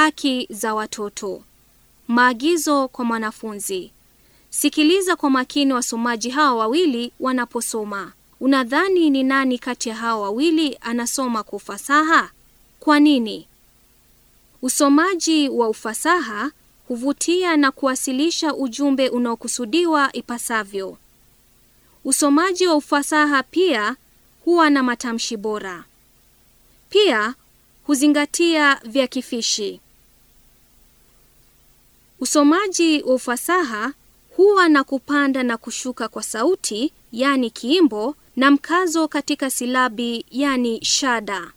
Haki za watoto. Maagizo kwa mwanafunzi. Sikiliza kwa makini wasomaji hawa wawili wanaposoma. Unadhani ni nani kati ya hawa wawili anasoma kwa ufasaha? Kwa nini? Usomaji wa ufasaha huvutia na kuwasilisha ujumbe unaokusudiwa ipasavyo. Usomaji wa ufasaha pia huwa na matamshi bora. Pia huzingatia vyakifishi. Usomaji wa ufasaha huwa na kupanda na kushuka kwa sauti, yani kiimbo, na mkazo katika silabi, yani shada.